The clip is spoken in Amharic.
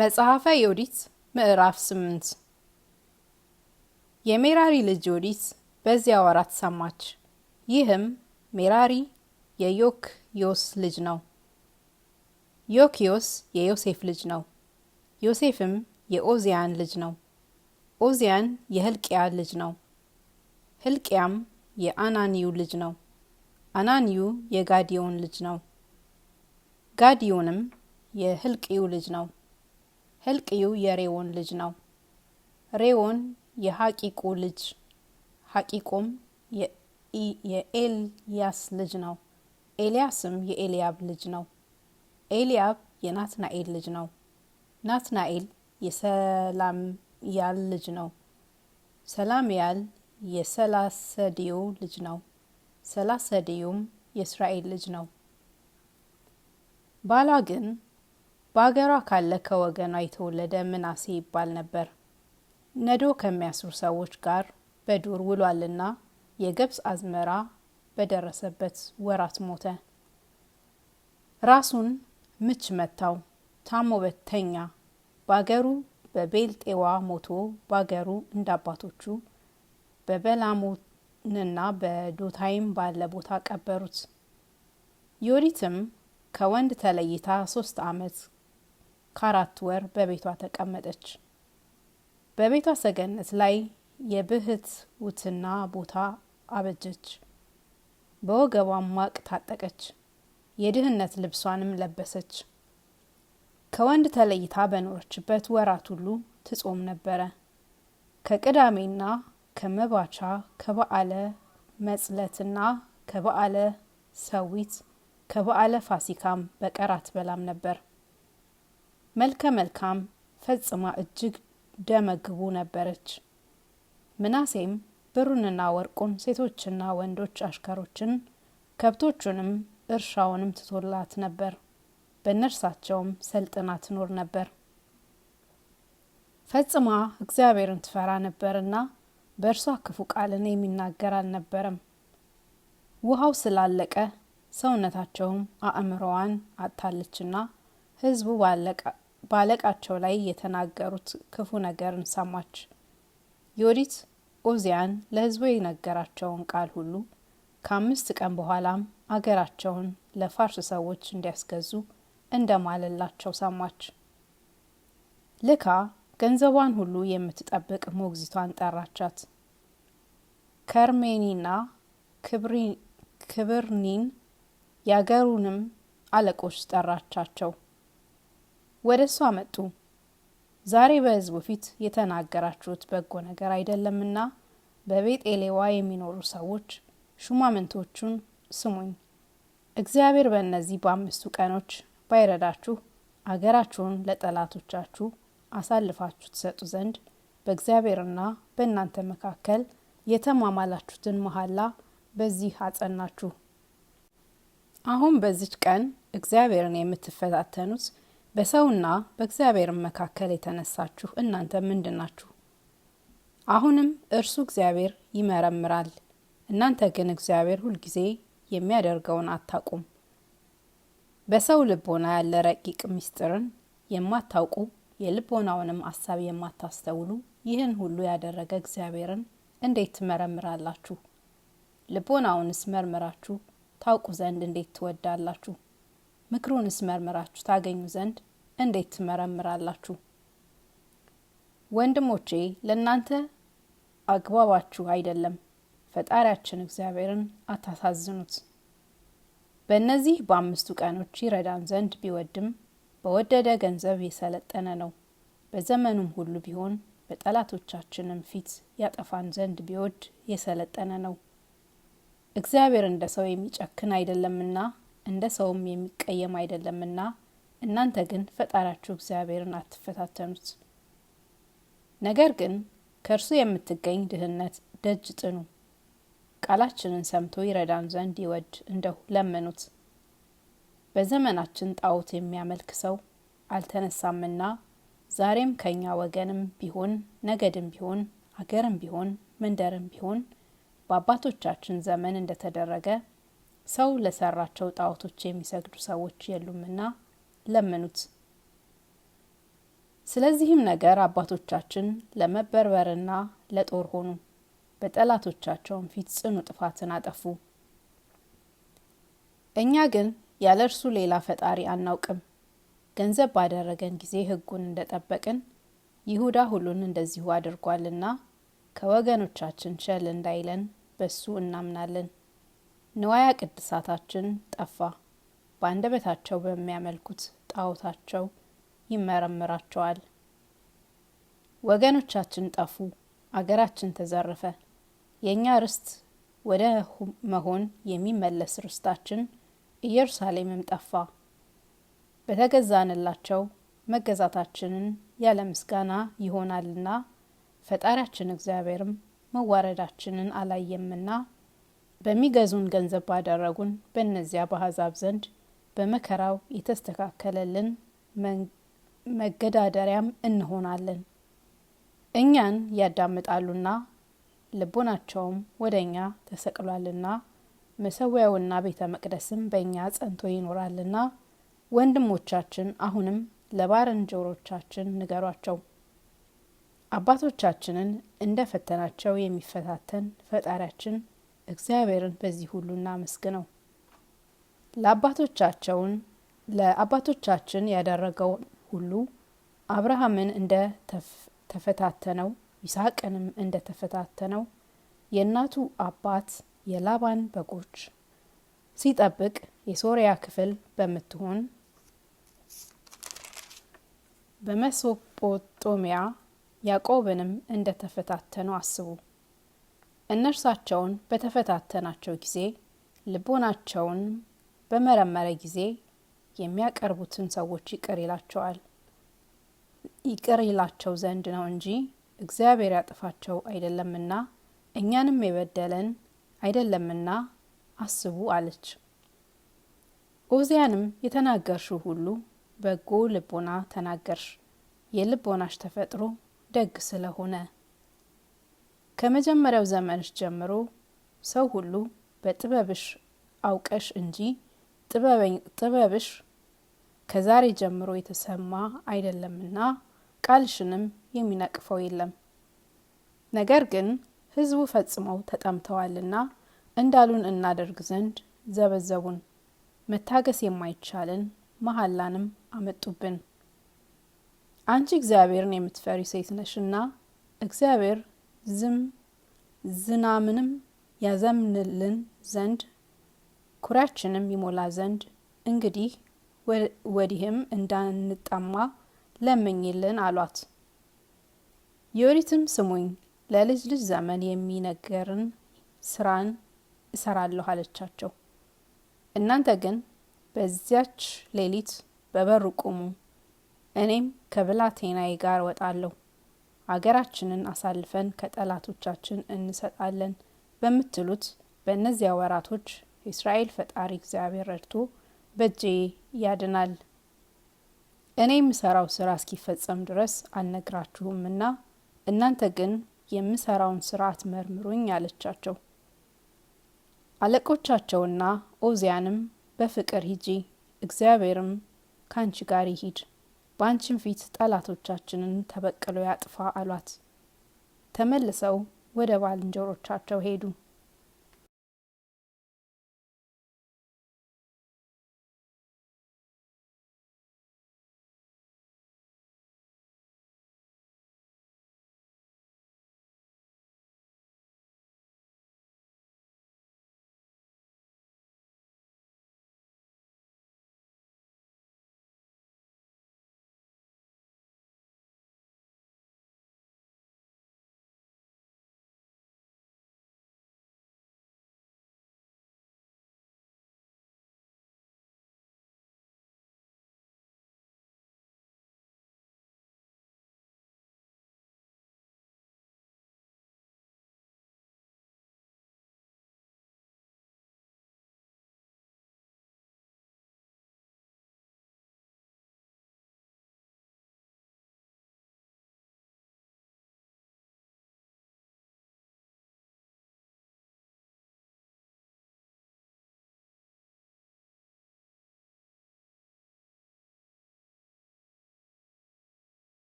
መጽሐፈ ዮዲት ምዕራፍ ስምንት የሜራሪ ልጅ ዮዲት በዚያው ወራት ሰማች። ይህም ሜራሪ የዮክዮስ ልጅ ነው። ዮክዮስ የዮሴፍ ልጅ ነው። ዮሴፍም የኦዚያን ልጅ ነው። ኦዚያን የህልቅያ ልጅ ነው። ህልቅያም የአናንዩ ልጅ ነው። አናንዩ የጋዲዮን ልጅ ነው። ጋዲዮንም የህልቅዩ ልጅ ነው። ህልቅዩ የሬዎን ልጅ ነው። ሬዎን የሐቂቁ ልጅ፣ ሐቂቁም የኤልያስ ልጅ ነው። ኤልያስም የኤልያብ ልጅ ነው። ኤልያብ የናትናኤል ልጅ ነው። ናትናኤል የሰላምያል ልጅ ነው። ሰላምያል የሰላሰዲዮ ልጅ ነው። ሰላሰዲዩም የእስራኤል ልጅ ነው። ባላ ግን በአገሯ ካለ ከወገኗ የተወለደ ምናሴ ይባል ነበር። ነዶ ከሚያስሩ ሰዎች ጋር በዱር ውሏልና የገብስ አዝመራ በደረሰበት ወራት ሞተ። ራሱን ምች መታው፣ ታሞ በተኛ። በአገሩ በቤልጤዋ ሞቶ በአገሩ እንደ አባቶቹ በበላሞንና በዶታይም ባለ ቦታ ቀበሩት። ዮዲትም ከወንድ ተለይታ ሶስት ዓመት ከአራት ወር በቤቷ ተቀመጠች። በቤቷ ሰገነት ላይ የብህት ውትና ቦታ አበጀች። በወገቧም ማቅ ታጠቀች፣ የድህነት ልብሷንም ለበሰች። ከወንድ ተለይታ በኖረችበት ወራት ሁሉ ትጾም ነበረ። ከቅዳሜና ከመባቻ ከበዓለ መጽለትና ከበዓለ ሰዊት ከበዓለ ፋሲካም በቀር አትበላም ነበር። መልከ መልካም ፈጽማ እጅግ ደመግቡ ነበረች። ምናሴም ብሩንና ወርቁን፣ ሴቶችና ወንዶች አሽከሮችን፣ ከብቶቹንም እርሻውንም ትቶላት ነበር። በእነርሳቸውም ሰልጥና ትኖር ነበር። ፈጽማ እግዚአብሔርን ትፈራ ነበርና በእርሷ ክፉ ቃልን የሚናገር አልነበረም። ውሃው ስላለቀ ሰውነታቸውም አእምሮዋን አጥታለችና ሕዝቡ በአለቃቸው ላይ የተናገሩት ክፉ ነገርን ሰማች። ዮዲት ኦዚያን ለህዝቡ የነገራቸውን ቃል ሁሉ ከአምስት ቀን በኋላም አገራቸውን ለፋርስ ሰዎች እንዲያስገዙ እንደማለላቸው ሰማች። ልካ ገንዘቧን ሁሉ የምትጠብቅ ሞግዚቷን ጠራቻት። ከርሜኒና ክብርኒን የአገሩንም አለቆች ጠራቻቸው። ወደ እሱ አመጡ። ዛሬ በህዝቡ ፊት የተናገራችሁት በጎ ነገር አይደለምና በቤጤሌዋ የሚኖሩ ሰዎች ሹማምንቶቹን ስሙኝ፣ እግዚአብሔር በእነዚህ በአምስቱ ቀኖች ባይረዳችሁ አገራችሁን ለጠላቶቻችሁ አሳልፋችሁ ትሰጡ ዘንድ በእግዚአብሔርና በእናንተ መካከል የተማማላችሁትን መሐላ በዚህ አጸናችሁ። አሁን በዚች ቀን እግዚአብሔርን የምትፈታተኑት በሰውና በእግዚአብሔር መካከል የተነሳችሁ እናንተ ምንድን ናችሁ? አሁንም እርሱ እግዚአብሔር ይመረምራል። እናንተ ግን እግዚአብሔር ሁልጊዜ የሚያደርገውን አታውቁም። በሰው ልቦና ያለ ረቂቅ ምስጢርን የማታውቁ የልቦናውንም አሳብ የማታስተውሉ ይህን ሁሉ ያደረገ እግዚአብሔርን እንዴት ትመረምራላችሁ? ልቦናውንስ መርምራችሁ ታውቁ ዘንድ እንዴት ትወዳላችሁ? ምክሩንስ መርምራችሁ ታገኙ ዘንድ እንዴት ትመረምራላችሁ? ወንድሞቼ ለእናንተ አግባባችሁ አይደለም፣ ፈጣሪያችን እግዚአብሔርን አታሳዝኑት። በእነዚህ በአምስቱ ቀኖች ይረዳን ዘንድ ቢወድም በወደደ ገንዘብ የሰለጠነ ነው። በዘመኑም ሁሉ ቢሆን በጠላቶቻችንም ፊት ያጠፋን ዘንድ ቢወድ የሰለጠነ ነው። እግዚአብሔር እንደ ሰው የሚጨክን አይደለምና እንደ ሰውም የሚቀየም አይደለምና እናንተ ግን ፈጣሪያችሁ እግዚአብሔርን አትፈታተኑት። ነገር ግን ከእርሱ የምትገኝ ድህነት ደጅ ጥኑ፣ ቃላችንን ሰምቶ ይረዳን ዘንድ ይወድ እንደሁ ለምኑት። በዘመናችን ጣዖት የሚያመልክ ሰው አልተነሳምና ዛሬም ከእኛ ወገንም ቢሆን ነገድም ቢሆን አገርም ቢሆን መንደርም ቢሆን በአባቶቻችን ዘመን እንደተደረገ ሰው ለሰራቸው ጣዖቶች የሚሰግዱ ሰዎች የሉምና ለምኑት። ስለዚህም ነገር አባቶቻችን ለመበርበርና ለጦር ሆኑ፣ በጠላቶቻቸውም ፊት ጽኑ ጥፋትን አጠፉ። እኛ ግን ያለ እርሱ ሌላ ፈጣሪ አናውቅም። ገንዘብ ባደረገን ጊዜ ሕጉን እንደጠበቅን ይሁዳ ሁሉን እንደዚሁ አድርጓልና ከወገኖቻችን ቸል እንዳይለን በሱ እናምናለን። ንዋያ ቅድሳታችን ጠፋ። በአንደበታቸው በሚያመልኩት ጣዖታቸው ይመረምራቸዋል። ወገኖቻችን ጠፉ፣ አገራችን ተዘረፈ። የእኛ ርስት ወደ መሆን የሚመለስ ርስታችን ኢየሩሳሌምም ጠፋ። በተገዛንላቸው መገዛታችንን ያለ ምስጋና ይሆናልና ፈጣሪያችን እግዚአብሔርም መዋረዳችንን አላየምና በሚገዙን ገንዘብ ባደረጉን በእነዚያ በአሕዛብ ዘንድ በመከራው የተስተካከለልን መገዳደሪያም እንሆናለን። እኛን ያዳምጣሉና ልቡናቸውም ወደ እኛ ተሰቅሏልና መሰዊያውና ቤተ መቅደስም በእኛ ጸንቶ ይኖራልና። ወንድሞቻችን አሁንም ለባልንጀሮቻችን ንገሯቸው። አባቶቻችንን እንደ ፈተናቸው የሚፈታተን ፈጣሪያችን እግዚአብሔርን በዚህ ሁሉ እናመስግነው። ለአባቶቻቸውን ለአባቶቻችን ያደረገውን ሁሉ አብርሃምን እንደ ተፈታተነው ይስሐቅንም እንደ ተፈታተነው የእናቱ አባት የላባን በጎች ሲጠብቅ የሶሪያ ክፍል በምትሆን በሜሶጶጦሚያ ያዕቆብንም እንደ ተፈታተኑ አስቡ። እነርሳቸውን በተፈታተናቸው ጊዜ ልቦናቸውን በመረመረ ጊዜ የሚያቀርቡትን ሰዎች ይቅር ይላቸዋል። ይቅር ይላቸው ዘንድ ነው እንጂ እግዚአብሔር ያጥፋቸው አይደለምና እኛንም የበደለን አይደለምና አስቡ አለች። ኦዚያንም የተናገርሽው ሁሉ በጎ ልቦና ተናገርሽ፣ የልቦናሽ ተፈጥሮ ደግ ስለሆነ ከመጀመሪያው ዘመንሽ ጀምሮ ሰው ሁሉ በጥበብሽ አውቀሽ እንጂ ጥበብሽ ከዛሬ ጀምሮ የተሰማ አይደለምና ቃልሽንም የሚነቅፈው የለም። ነገር ግን ሕዝቡ ፈጽመው ተጠምተዋልና እንዳሉን እናደርግ ዘንድ ዘበዘቡን፣ መታገስ የማይቻልን መሐላንም አመጡብን። አንቺ እግዚአብሔርን የምትፈሪ ሴት ነሽና እግዚአብሔር ዝም ዝናምንም ያዘምንልን ዘንድ ኩሪያችንም ይሞላ ዘንድ እንግዲህ ወዲህም እንዳንጠማ ለምኝልን አሏት። ዮዲትም ስሙኝ ለልጅ ልጅ ዘመን የሚነገርን ስራን እሰራለሁ አለቻቸው። እናንተ ግን በዚያች ሌሊት በበሩ ቁሙ፣ እኔም ከብላቴናዬ ጋር እወጣለሁ አገራችንን አሳልፈን ከጠላቶቻችን እንሰጣለን በምትሉት በእነዚያ ወራቶች የእስራኤል ፈጣሪ እግዚአብሔር ረድቶ በእጄ ያድናል። እኔ የምሰራው ስራ እስኪፈጸም ድረስ አልነግራችሁምና እናንተ ግን የምሰራውን ስራ አትመርምሩኝ አለቻቸው። አለቆቻቸውና ኦዚያንም በፍቅር ሂጂ፣ እግዚአብሔርም ካንቺ ጋር ይሂድ በአንቺም ፊት ጠላቶቻችንን ተበቅሎ ያጥፋ አሏት። ተመልሰው ወደ ባልንጀሮቻቸው ሄዱ።